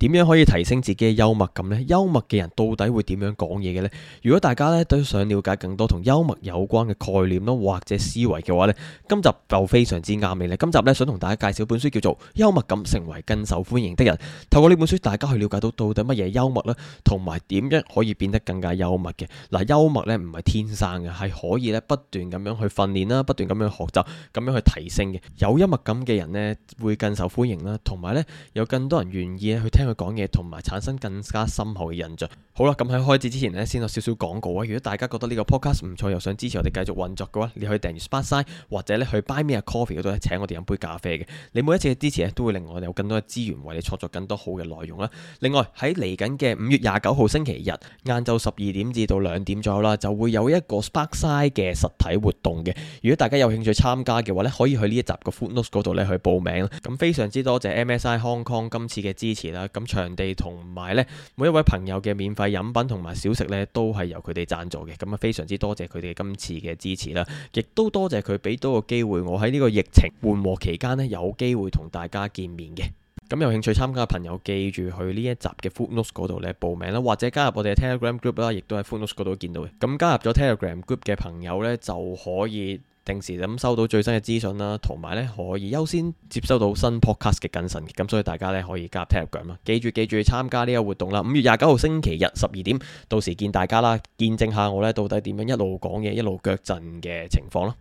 點樣可以提升自己嘅幽默感呢？幽默嘅人到底會點樣講嘢嘅呢？如果大家咧都想了解更多同幽默有關嘅概念啦，或者思維嘅話呢，今集就非常之啱你咧。今集咧想同大家介紹本書，叫做《幽默感成為更受歡迎的人》。透過呢本書，大家去了解到到底乜嘢幽默啦，同埋點樣可以變得更加幽默嘅。嗱、啊，幽默咧唔係天生嘅，係可以咧不斷咁樣去訓練啦，不斷咁樣學習，咁樣去提升嘅。有幽默感嘅人呢，會更受歡迎啦，同埋呢，有更多人願意去聽。佢講嘢同埋產生更加深厚嘅印象。好啦，咁喺開始之前呢，先有少少廣告啊！如果大家覺得呢個 podcast 唔錯，又想支持我哋繼續運作嘅話，你可以訂閱 Sparkside，或者呢去 Buy Me a Coffee 嗰度呢請我哋飲杯咖啡嘅。你每一次嘅支持呢，都會令我哋有更多嘅資源為你創作更多好嘅內容啦。另外喺嚟緊嘅五月廿九號星期日晏晝十二點至到兩點左右啦，就會有一個 Sparkside 嘅實體活動嘅。如果大家有興趣參加嘅話呢，可以去呢一集嘅 Footnotes 嗰度呢去報名啦。咁非常之多謝 MSI Hong Kong 今次嘅支持啦，咁場地同埋呢每一位朋友嘅免費。係飲品同埋小食咧，都係由佢哋贊助嘅，咁啊非常之多謝佢哋今次嘅支持啦，亦都多謝佢俾多個機會我喺呢個疫情緩和期間呢，有機會同大家見面嘅。咁有興趣參加嘅朋友，記住去呢一集嘅 Food Notes 嗰度咧報名啦，或者加入我哋嘅 Telegram Group 啦，亦都喺 Food Notes 嗰度見到嘅。咁加入咗 Telegram Group 嘅朋友咧，就可以，定時咁收到最新嘅資訊啦，同埋咧可以優先接收到新 podcast 嘅更新，咁所以大家咧可以加入聽入講啦。記住記住參加呢個活動啦！五月廿九號，星期日十二點，到時見大家啦，見證下我咧到底點樣一路講嘢一路腳震嘅情況咯。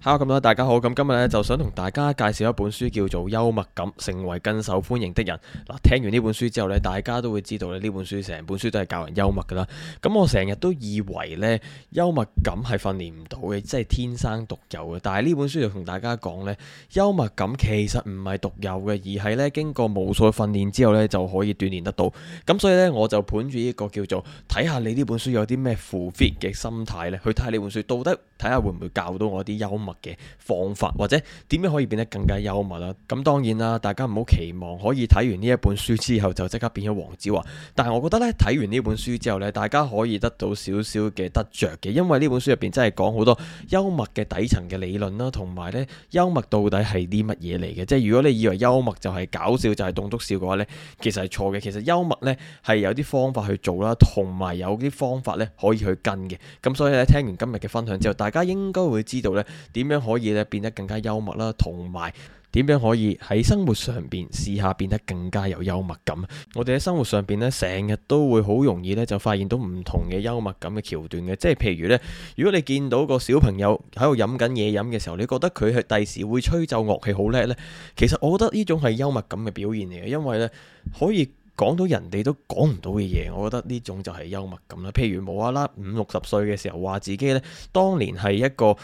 Hello 咁多，大家好。咁今日咧就想同大家介紹一本書，叫做《幽默感，成為更受歡迎的人》。嗱，聽完呢本書之後呢，大家都會知道咧呢本書成本書都係教人幽默噶啦。咁我成日都以為呢幽默感係訓練唔到嘅，即係天生獨有嘅。但係呢本書就同大家講呢幽默感其實唔係獨有嘅，而係呢經過無數訓練之後呢就可以鍛煉得到。咁所以呢，我就盤住呢個叫做睇下你呢本書有啲咩副 f 嘅心態呢去睇下呢本書到底睇下會唔會教到我啲幽默嘅方法，或者點樣可以變得更加幽默啦？咁當然啦，大家唔好期望可以睇完呢一本書之後就即刻變咗黃子華。但係我覺得咧，睇完呢本書之後呢，大家可以得到少少嘅得着嘅，因為呢本書入邊真係講好多幽默嘅底層嘅理論啦，同埋呢幽默到底係啲乜嘢嚟嘅？即係如果你以為幽默就係搞笑就係棟篤笑嘅話呢，其實係錯嘅。其實幽默呢，係有啲方法去做啦，同埋有啲方法呢可以去跟嘅。咁所以咧聽完今日嘅分享之後，大家應該會知道呢。點樣可以咧變得更加幽默啦，同埋點樣可以喺生活上邊試下變得更加有幽默感？我哋喺生活上邊咧，成日都會好容易咧就發現到唔同嘅幽默感嘅橋段嘅，即係譬如呢，如果你見到個小朋友喺度飲緊嘢飲嘅時候，你覺得佢係第時會吹奏樂器好叻呢？其實我覺得呢種係幽默感嘅表現嚟嘅，因為呢，可以講到人哋都講唔到嘅嘢，我覺得呢種就係幽默感啦。譬如無啦啦五六十歲嘅時候話自己呢，當年係一個。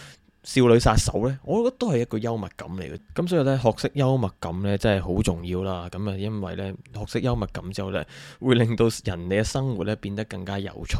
少女殺手呢，我覺得都係一個幽默感嚟嘅，咁所以呢，學識幽默感呢，真係好重要啦。咁啊，因為呢，學識幽默感之後呢，會令到人哋嘅生活呢，變得更加有趣。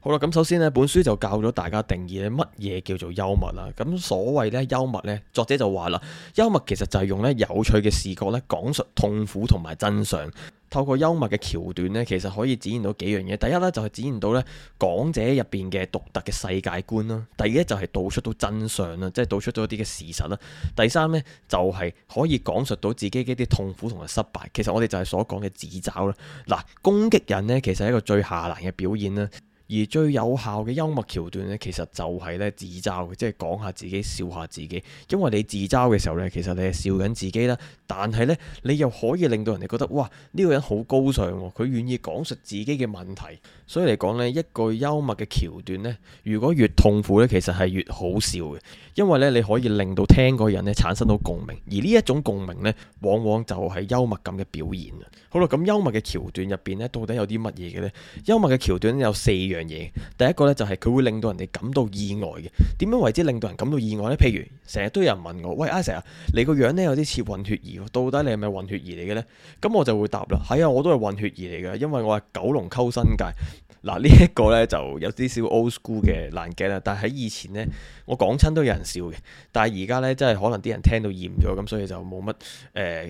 好啦，咁首先呢，本書就教咗大家定義乜嘢叫做幽默啦。咁所謂呢，幽默呢，作者就話啦，幽默其實就係用呢有趣嘅視覺呢，講述痛苦同埋真相。.透過幽默嘅橋段咧，其實可以展現到幾樣嘢。第一咧就係、是、展現到咧講者入邊嘅獨特嘅世界觀啦。第二咧就係、是、道出到真相啦，即係道出咗一啲嘅事實啦。第三咧就係、是、可以講述到自己嘅一啲痛苦同埋失敗。其實我哋就係所講嘅自嘲啦。嗱，攻擊人咧其實係一個最下難嘅表現啦。而最有效嘅幽默橋段呢，其實就係呢自嘲，即係講下自己，笑下自己。因為你自嘲嘅時候呢，其實你係笑緊自己啦。但係呢，你又可以令到人哋覺得，哇！呢個人好高尚喎，佢願意講述自己嘅問題。所以嚟講呢，一句幽默嘅橋段呢，如果越痛苦呢，其實係越好笑嘅。因為呢，你可以令到聽嗰個人呢產生到共鳴。而呢一種共鳴呢，往往就係幽默感嘅表現。好啦，咁幽默嘅橋段入邊呢，到底有啲乜嘢嘅呢？幽默嘅橋段有四樣。樣嘢，第一個咧就係佢會令到人哋感到意外嘅。點樣為之令到人感到意外呢？譬如成日都有人問我，喂，阿、哎、Sir，你個樣咧有啲似混血兒，到底你係咪混血兒嚟嘅呢？咁、嗯、我就會答啦，係、哎、啊，我都係混血兒嚟嘅，因為我係九龍溝新界。嗱，呢一個呢就有啲少 old school 嘅爛 gag 啦，但係喺以前呢，我講親都有人笑嘅，但係而家呢，真係可能啲人聽到厭咗咁，所以就冇乜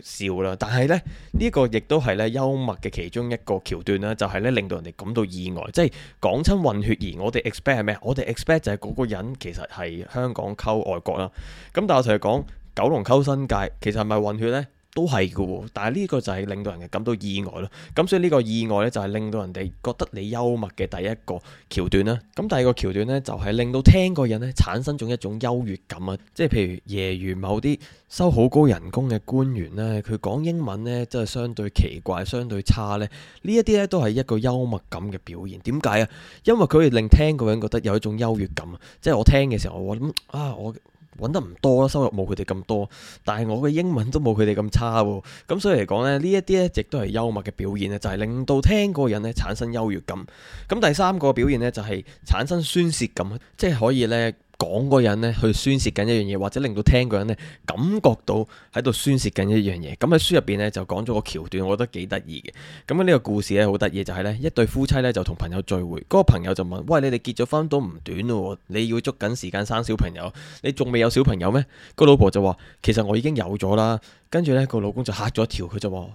誒笑啦。但係呢，呢、這、一個亦都係咧幽默嘅其中一個橋段啦，就係、是、咧令到人哋感到意外，即係講親混血兒我哋 expect 係咩？我哋 expect ex 就係嗰個人其實係香港溝外國啦。咁但係我同你講九龍溝新界，其實係咪混血呢？都係嘅，但係呢個就係令到人哋感到意外咯。咁所以呢個意外呢，就係令到人哋覺得你幽默嘅第一個橋段啦。咁第二個橋段呢，就係令到聽個人呢產生咗一種優越感啊。即係譬如，例如某啲收好高人工嘅官員呢，佢講英文呢，真係相對奇怪，相對差呢。呢一啲呢，都係一個幽默感嘅表現。點解啊？因為佢令聽個人覺得有一種優越感。啊。即係我聽嘅時候，我諗啊，我。搵得唔多啦，收入冇佢哋咁多，但係我嘅英文都冇佢哋咁差喎，咁所以嚟講呢，呢一啲咧直都係幽默嘅表現咧，就係、是、令到聽嗰個人咧產生優越感。咁第三個表現呢，就係產生宣泄感，即、就、係、是、可以呢。講個人咧去宣洩緊一樣嘢，或者令到聽個人咧感覺到喺度宣洩緊一樣嘢。咁喺書入邊咧就講咗個橋段，我覺得幾得意嘅。咁啊呢個故事咧好得意就係呢：一對夫妻呢，就同朋友聚會，嗰個朋友就問：喂，你哋結咗婚都唔短咯，你要捉緊時間生小朋友，你仲未有小朋友咩？個老婆就話：其實我已經有咗啦。跟住呢，個老公就吓咗一跳，佢就話：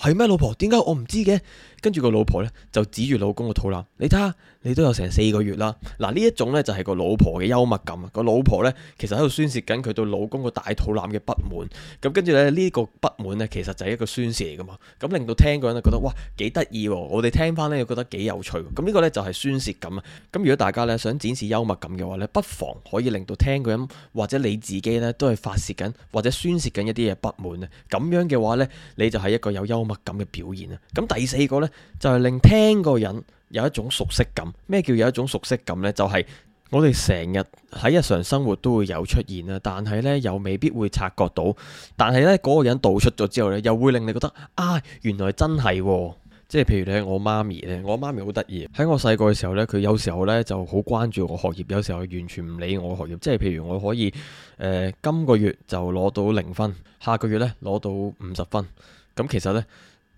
吓，係咩老婆？點解我唔知嘅？跟住個老婆呢，就指住老公個肚腩，你睇下。你都有成四個月啦，嗱呢一種呢就係、是、個老婆嘅幽默感，個老婆呢，其實喺度宣泄緊佢對老公個大肚腩嘅不滿，咁跟住咧呢、這個不滿呢，其實就係一個宣泄嚟噶嘛，咁、嗯、令到聽個人覺得哇幾得意、啊，我哋聽翻呢，又覺得幾有趣、啊，咁、嗯、呢、這個呢，就係、是、宣泄感啊，咁、嗯、如果大家呢，想展示幽默感嘅話呢，不妨可以令到聽個人或者你自己呢，都係發泄緊或者宣泄緊一啲嘢不滿啊，咁樣嘅話呢，你就係一個有幽默感嘅表現啦，咁、嗯嗯、第四個呢，就係、是、令聽個人。有一種熟悉感，咩叫有一種熟悉感呢？就係我哋成日喺日常生活都會有出現啦，但係呢又未必會察覺到。但係呢嗰個人道出咗之後呢，又會令你覺得啊，原來真係喎。即係譬如咧，我媽咪呢，我媽咪好得意。喺我細個嘅時候呢，佢有時候呢就好關注我學業，有時候完全唔理我學業。即係譬如我可以，呃，今個月就攞到零分，下個月呢攞到五十分。咁其實呢。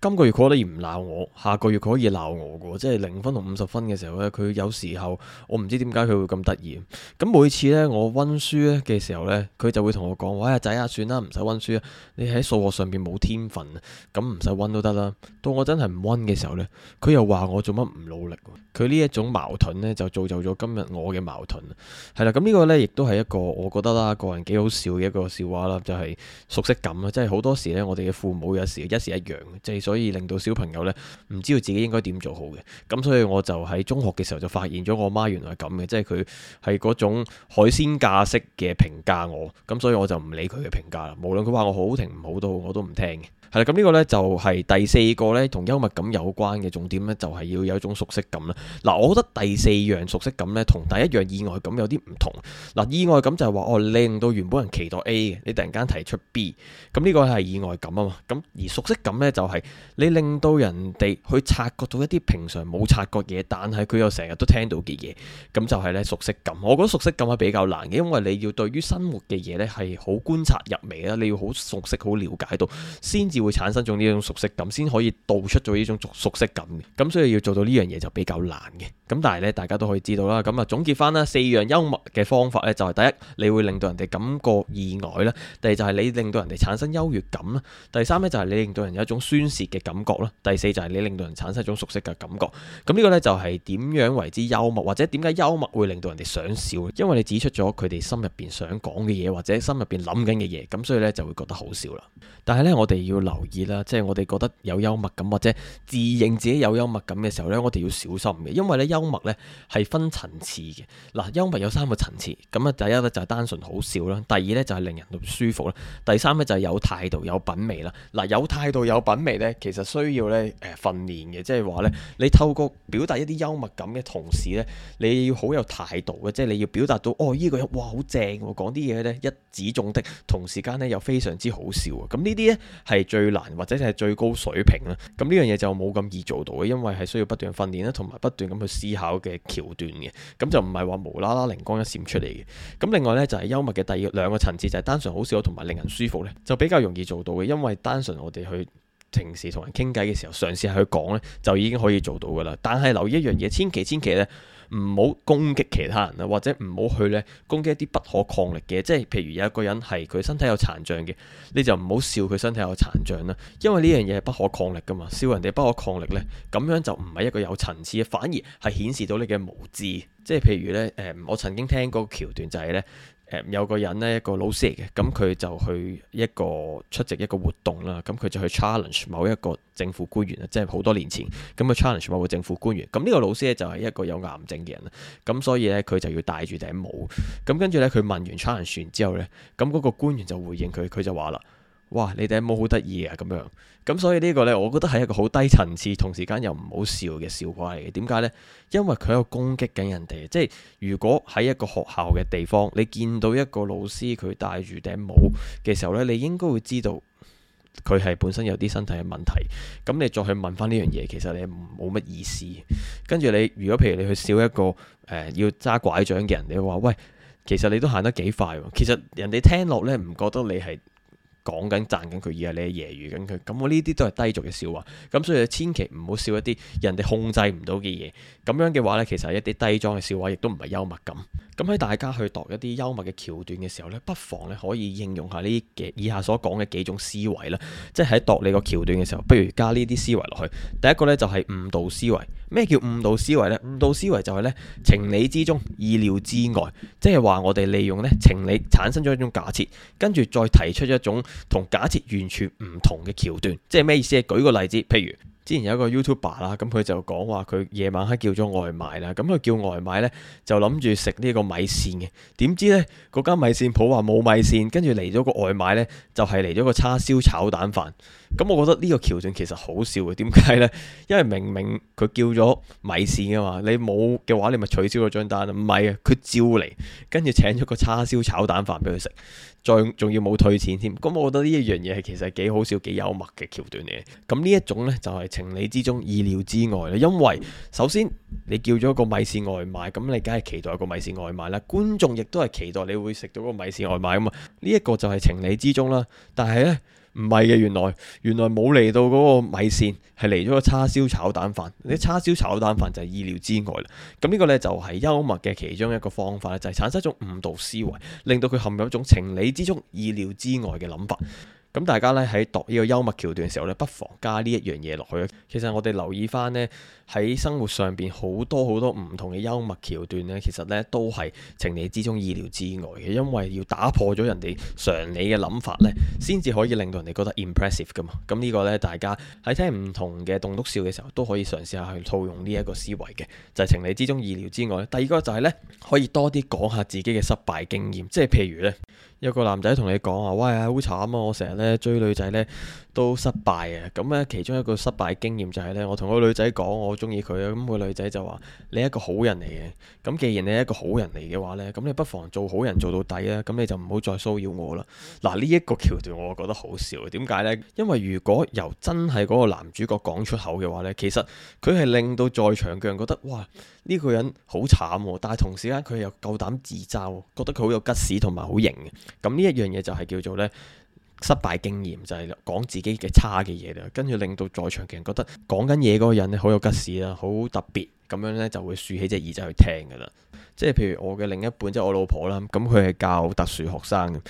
今個月佢可以唔鬧我，下個月佢可以鬧我嘅。即係零分同五十分嘅時候呢，佢有時候我唔知點解佢會咁得意。咁每次呢，我溫書咧嘅時候呢，佢就會同我講，喂，仔啊，算啦，唔使溫書啊，你喺數學上面冇天分，咁唔使溫都得啦。到我真係唔溫嘅時候呢，佢又話我做乜唔努力。佢呢一種矛盾呢，就造就咗今日我嘅矛盾。係啦，咁呢個呢，亦都係一個我覺得啦，個人幾好笑嘅一個笑話啦，就係、是、熟悉感啊，即係好多時呢，我哋嘅父母有時一時一樣，即係所以令到小朋友呢，唔知道自己應該點做好嘅。咁所以我就喺中學嘅時候就發現咗，我媽原來係咁嘅，即係佢係嗰種海鮮價式嘅評價我，咁所以我就唔理佢嘅評價啦，無論佢話我好聽唔好都，我都唔聽嘅。係啦，咁呢個呢就係第四個呢，同幽默感有關嘅重點呢，就係要有一種熟悉感啦。嗱，我覺得第四樣熟悉感呢，同第一樣意外感有啲唔同。嗱，意外感就係話哦，令到原本人期待 A 嘅，你突然間提出 B，咁呢個係意外感啊嘛。咁而熟悉感呢，就係你令到人哋去察覺到一啲平常冇察覺嘅嘢，但係佢又成日都聽到嘅嘢，咁就係呢，熟悉感。我覺得熟悉感係比較難嘅，因為你要對於生活嘅嘢呢，係好觀察入微啦，你要好熟悉、好了解到先至。會產生種呢種熟悉感，先可以導出咗呢種熟悉感嘅。咁所以要做到呢樣嘢，就比較難嘅。咁但係咧，大家都可以知道啦。咁啊，總結翻啦，四樣幽默嘅方法咧，就是，就係第一，你會令到人哋感覺意外啦，第二就係你令到人哋產生優越感啦，第三咧就係你令到人有一種宣泄嘅感覺啦，第四就係你令到人產生一種熟悉嘅感覺。咁呢個咧就係點樣為之幽默，或者點解幽默會令到人哋想笑。因為你指出咗佢哋心入邊想講嘅嘢，或者心入邊諗緊嘅嘢，咁所以咧就會覺得好笑啦。但係咧，我哋要諗。留意啦，即係我哋覺得有幽默感或者自認自己有幽默感嘅時候呢，我哋要小心嘅，因為呢幽默呢係分層次嘅。嗱，幽默有三個層次，咁啊，第一呢就係單純好笑啦，第二呢就係令人舒服啦，第三呢就係有態度、有品味啦。嗱，有態度、有品味呢，其實需要呢誒訓練嘅，即係話呢，你透過表達一啲幽默感嘅同時呢，你要好有態度嘅，即係你要表達到哦呢個人哇好正啊，講啲嘢呢，一指中的，同時間呢又非常之好笑啊！咁呢啲呢，係最。最難或者就係最高水平啦，咁呢樣嘢，就冇咁易做到嘅，因為係需要不斷訓練啦，同埋不斷咁去思考嘅橋段嘅，咁就唔係話無啦啦靈光一閃出嚟嘅。咁另外呢，就係幽默嘅第二兩個層次，就係單純好笑同埋令人舒服呢，就比較容易做到嘅，因為單純我哋去平時同人傾偈嘅時候，嘗試去講呢，就已經可以做到噶啦。但係留意一樣嘢，千祈千祈咧，唔好攻擊其他人啊，或者唔好去咧攻擊一啲不可抗力嘅，即係譬如有一個人係佢身體有殘障嘅，你就唔好笑佢身體有殘障啦，因為呢樣嘢係不可抗力噶嘛，笑人哋不可抗力呢，咁樣就唔係一個有層次，反而係顯示到你嘅無知。即係譬如呢，誒，我曾經聽過橋段就係呢。有個人呢，一個老師嚟嘅，咁佢就去一個出席一個活動啦，咁佢就去 challenge 某一個政府官員啦，即係好多年前，咁啊 challenge 某個政府官員，咁呢個老師咧就係一個有癌症嘅人啦，咁所以咧佢就要戴住頂帽，咁跟住咧佢問完 challenge 之後咧，咁嗰個官員就回應佢，佢就話啦。哇！你頂帽好得意啊，咁樣咁，所以呢個呢，我覺得係一個好低層次，同時間又唔好笑嘅笑話嚟嘅。點解呢？因為佢有攻擊緊人哋。即係如果喺一個學校嘅地方，你見到一個老師佢戴住頂帽嘅時候呢，你應該會知道佢係本身有啲身體嘅問題。咁你再去問翻呢樣嘢，其實你冇乜意思。跟住你如果譬如你去笑一個誒、呃、要揸拐杖嘅人，你話喂，其實你都行得幾快。其實人哋聽落呢，唔覺得你係。講緊讚緊佢，而家你係揶揄緊佢，咁我呢啲都係低俗嘅笑話，咁所以千祈唔好笑一啲人哋控制唔到嘅嘢，咁樣嘅話呢，其實係一啲低俗嘅笑話，亦都唔係幽默咁。咁喺大家去度一啲幽默嘅橋段嘅時候呢，不妨呢可以應用下呢以下所講嘅幾種思維啦，即係喺度你個橋段嘅時候，不如加呢啲思維落去。第一個呢，就係誤導思維。咩叫誤導思維呢？誤導思維就係呢情理之中、意料之外，即係話我哋利用呢情理，產生咗一種假設，跟住再提出一種同假設完全唔同嘅橋段，即係咩意思？舉個例子，譬如之前有一個 YouTuber 啦，咁佢就講話佢夜晚黑叫咗外賣啦，咁佢叫外賣呢，就諗住食呢個米線嘅，點知呢，嗰間米線鋪話冇米線，跟住嚟咗個外賣呢，就係嚟咗個叉燒炒蛋飯。咁我覺得呢個橋段其實好笑嘅，點解呢？因為明明佢叫咗米線啊嘛，你冇嘅話，你咪取消咗張單啦。唔係啊，佢照嚟，跟住請咗個叉燒炒蛋飯俾佢食，再仲要冇退錢添。咁我覺得呢一樣嘢係其實幾好笑、幾幽默嘅橋段嚟嘅。咁呢一種呢，就係、是、情理之中、意料之外啦。因為首先你叫咗個米線外賣，咁你梗係期待一個米線外賣啦。觀眾亦都係期待你會食到個米線外賣啊嘛。呢、這、一個就係情理之中啦。但係呢。唔係嘅，原來原來冇嚟到嗰個米線，係嚟咗個叉燒炒蛋飯。你叉燒炒蛋飯就係意料之外啦。咁呢個呢，就係幽默嘅其中一個方法咧，就係產生一種誤導思維，令到佢陷入一種情理之中、意料之外嘅諗法。咁大家呢，喺讀呢個幽默橋段嘅時候呢，不妨加呢一樣嘢落去。其實我哋留意翻呢。喺生活上邊好多好多唔同嘅幽默橋段呢，其實呢都係情理之中、意料之外嘅，因為要打破咗人哋常理嘅諗法呢，先至可以令到人哋覺得 impressive 噶嘛。咁、這、呢個呢，大家喺聽唔同嘅棟篤笑嘅時候，都可以嘗試下去套用呢一個思維嘅，就係、是、情理之中、意料之外。第二個就係呢，可以多啲講下自己嘅失敗經驗，即係譬如呢，有個男仔同你講啊，喂，好慘啊，我成日呢追女仔呢，」都失敗啊！咁呢，其中一個失敗經驗就係呢。我同個女仔講我中意佢，咁個女仔就話：你係一個好人嚟嘅。咁既然你係一個好人嚟嘅話呢，咁你不妨做好人做到底啊！咁你就唔好再騷擾我啦。嗱，呢一個橋段我覺得好笑，點解呢？因為如果由真係嗰個男主角講出口嘅話呢，其實佢係令到在場嘅人覺得：哇，呢個人好慘喎！但係同時間佢又夠膽自嘲，覺得佢好有吉屎同埋好型。咁呢一樣嘢就係叫做呢。失敗經驗就係、是、講自己嘅差嘅嘢啦，跟住，令到在場嘅人覺得講緊嘢嗰個人咧好有吉事啦，好特別咁樣咧就會豎起隻耳仔去聽噶啦。即係譬如我嘅另一半即係、就是、我老婆啦，咁佢係教特殊學生。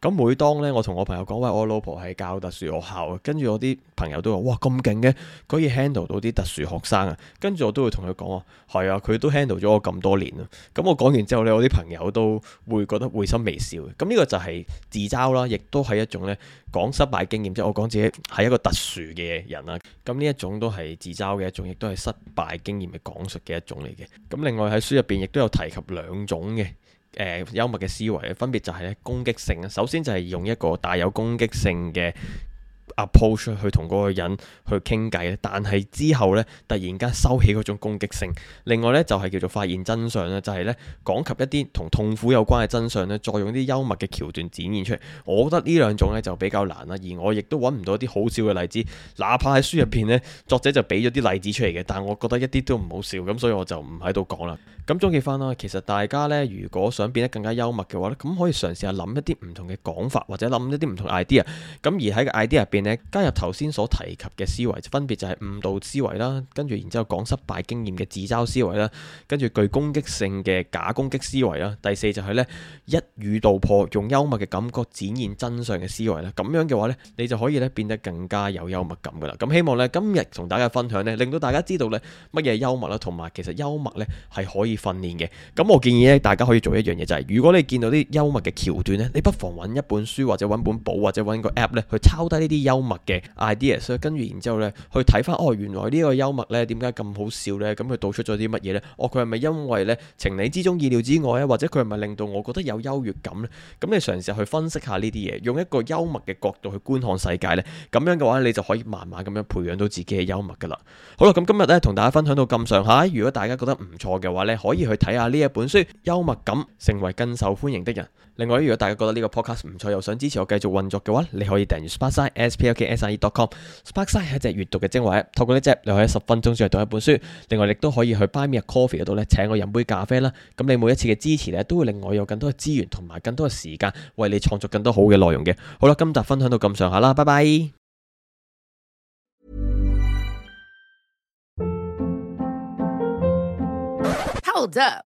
咁每當咧，我同我朋友講話，我老婆係教特殊學校嘅，跟住我啲朋友都話：哇，咁勁嘅，可以 handle 到啲特殊學生啊！跟住我都會同佢講話：係啊，佢都 handle 咗我咁多年啦。咁我講完之後咧，我啲朋友都會覺得會心微笑。咁呢個就係自嘲啦，亦都係一種咧講失敗經驗。即係我講自己係一個特殊嘅人啦啊。咁呢一種都係自嘲嘅一種，亦都係失敗經驗嘅講述嘅一種嚟嘅。咁另外喺書入邊亦都有提及兩種嘅。誒、呃、幽默嘅思維分別就係咧攻擊性，首先就係用一個帶有攻擊性嘅。approach 去同嗰個人去傾偈，但係之後呢，突然間收起嗰種攻擊性。另外呢，就係、是、叫做發現真相咧，就係、是、呢講及一啲同痛苦有關嘅真相呢，再用啲幽默嘅橋段展現出嚟。我覺得呢兩種呢就比較難啦，而我亦都揾唔到一啲好笑嘅例子。哪怕喺書入邊呢，作者就俾咗啲例子出嚟嘅，但係我覺得一啲都唔好笑，咁所以我就唔喺度講啦。咁總、嗯、結翻啦，其實大家呢，如果想變得更加幽默嘅話呢，咁可以嘗試下諗一啲唔同嘅講法，或者諗一啲唔同 idea ide。咁而喺個 idea 入邊咧，加入頭先所提及嘅思維，分別就係誤導思維啦，跟住然之後講失敗經驗嘅自嘲思維啦，跟住具攻擊性嘅假攻擊思維啦，第四就係咧一語道破，用幽默嘅感覺展現真相嘅思維啦。咁樣嘅話咧，你就可以咧變得更加有幽默感噶啦。咁希望咧今日同大家分享咧，令到大家知道咧乜嘢幽默啦，同埋其實幽默咧係可以訓練嘅。咁我建議咧大家可以做一樣嘢就係，如果你見到啲幽默嘅橋段咧，你不妨揾一本書或者揾本簿或者揾個 app 咧去抄低呢啲。幽默嘅 idea，所以跟住然之後呢，去睇翻，哦，原來呢個幽默呢點解咁好笑呢？咁佢道出咗啲乜嘢呢？哦，佢係咪因為呢情理之中意料之外啊？或者佢係咪令到我覺得有優越感呢？咁你嘗試去分析下呢啲嘢，用一個幽默嘅角度去觀看世界呢。咁樣嘅話，你就可以慢慢咁樣培養到自己嘅幽默噶啦。好啦，咁今日呢，同大家分享到咁上下，如果大家覺得唔錯嘅話呢，可以去睇下呢一本書《幽默感，成為更受歡迎的人》。另外，如果大家覺得呢個 podcast 唔錯，又想支持我繼續運作嘅話，你可以訂閱 Sparkside，spkside.com。SP Sparkside 係一隻閲讀嘅精華 app！透過呢隻，你可以喺十分鐘之內讀一本書。另外，亦都可以去 Buy Me a Coffee 嗰度咧請我飲杯咖啡啦。咁你每一次嘅支持咧，都會令我有更多嘅資源同埋更多嘅時間，為你創作更多好嘅內容嘅。好啦，今集分享到咁上下啦，拜拜。Hold up。